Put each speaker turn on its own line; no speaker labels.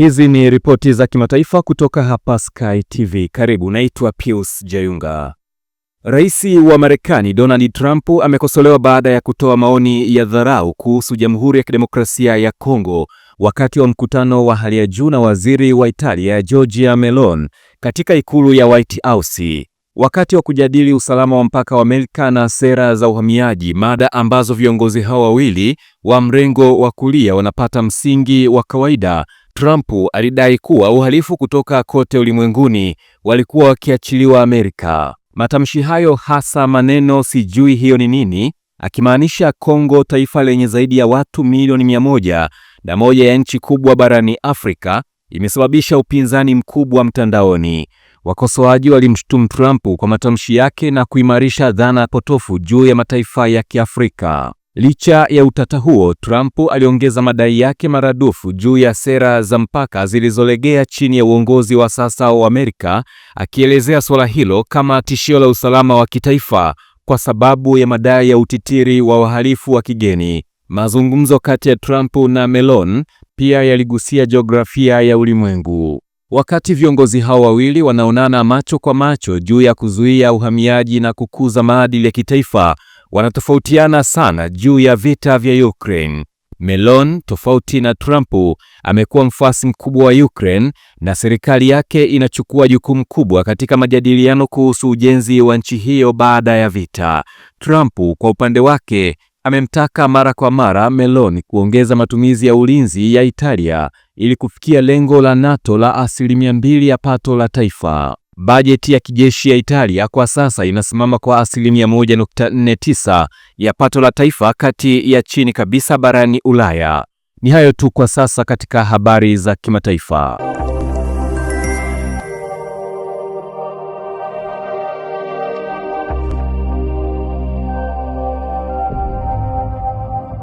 Hizi ni ripoti za kimataifa kutoka hapa Sky TV. Karibu, naitwa Pius Jayunga. Rais wa Marekani Donald Trump amekosolewa baada ya kutoa maoni ya dharau kuhusu Jamhuri ya Kidemokrasia ya Kongo wakati wa mkutano wa hali ya juu na waziri wa Italia Giorgia Meloni katika ikulu ya White House wakati wa kujadili usalama wa mpaka wa Amerika na sera za uhamiaji, mada ambazo viongozi hao wawili wa mrengo wa kulia wanapata msingi wa kawaida Trump alidai kuwa uhalifu kutoka kote ulimwenguni walikuwa wakiachiliwa Amerika. Matamshi hayo hasa maneno sijui hiyo ni nini, akimaanisha Kongo, taifa lenye zaidi ya watu milioni mia moja na moja ya nchi kubwa barani Afrika, imesababisha upinzani mkubwa mtandaoni. Wakosoaji walimshutumu Trump kwa matamshi yake na kuimarisha dhana potofu juu ya mataifa ya Kiafrika. Licha ya utata huo, Trump aliongeza madai yake maradufu juu ya sera za mpaka zilizolegea chini ya uongozi wa sasa wa Amerika, akielezea suala hilo kama tishio la usalama wa kitaifa kwa sababu ya madai ya utitiri wa wahalifu wa kigeni. Mazungumzo kati ya Trump na Meloni pia yaligusia jiografia ya ulimwengu. Wakati viongozi hao wawili wanaonana macho kwa macho juu ya kuzuia uhamiaji na kukuza maadili ya kitaifa, wanatofautiana sana juu ya vita vya Ukraine. Melon, tofauti na Trump, amekuwa mfuasi mkubwa wa Ukraine na serikali yake inachukua jukumu kubwa katika majadiliano kuhusu ujenzi wa nchi hiyo baada ya vita. Trump kwa upande wake amemtaka mara kwa mara Melon kuongeza matumizi ya ulinzi ya Italia ili kufikia lengo la NATO la asilimia mbili ya pato la taifa. Bajeti ya kijeshi ya Italia kwa sasa inasimama kwa asilimia 1.49 ya pato la taifa, kati ya chini kabisa barani Ulaya. Ni hayo tu kwa sasa katika habari za kimataifa.